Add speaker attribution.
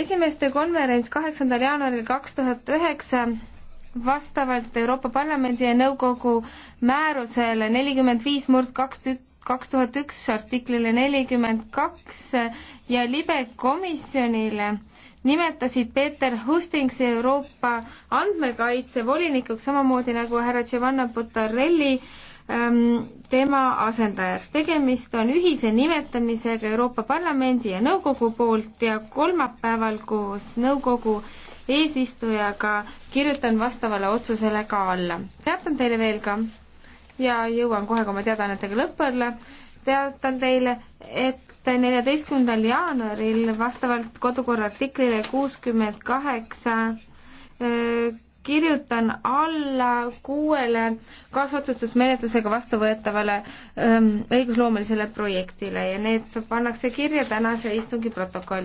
Speaker 1: esimeste konverents kaheksandal jaanuaril kaks tuhat üheksa vastavalt Euroopa Parlamendi ja Nõukogu määrusele nelikümmend viis murd kaks tükki kaks tuhat üks artiklile nelikümmend kaks ja libe komisjonile nimetasid Peeter Hustings Euroopa andmekaitsevolinikuks, samamoodi nagu härra Giovanna Butarelli Ehm, tema asendajaks. tegemist on ühise nimetamisega Euroopa Parlamendi ja nõukogu poolt ja kolmapäeval koos nõukogu eesistujaga kirjutan vastavale otsusele ka alla. teatan teile veel ka ja jõuan kohe ka oma teadaannetega lõpule, teatan teile, et neljateistkümnendal jaanuaril vastavalt kodukorra artiklile kuuskümmend kaheksa kirjutan alla kuuele kaasotsustusmenetlusega vastuvõetavale ähm, õigusloomelisele projektile ja need pannakse kirja tänase istungi protokolli.